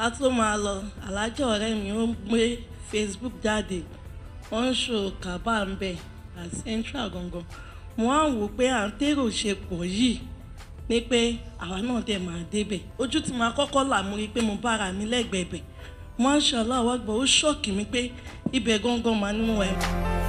ká tó máa lọ alájà mi ó gbé facebook jáde wọ́n ń ṣò kábà bẹ̀ central gangan mo á wò pé à ń pọ̀ yìí ni pé àwa náà ojú kọ́kọ́ mi lẹ́gbẹ̀ẹ́ bẹ̀ mashallah mi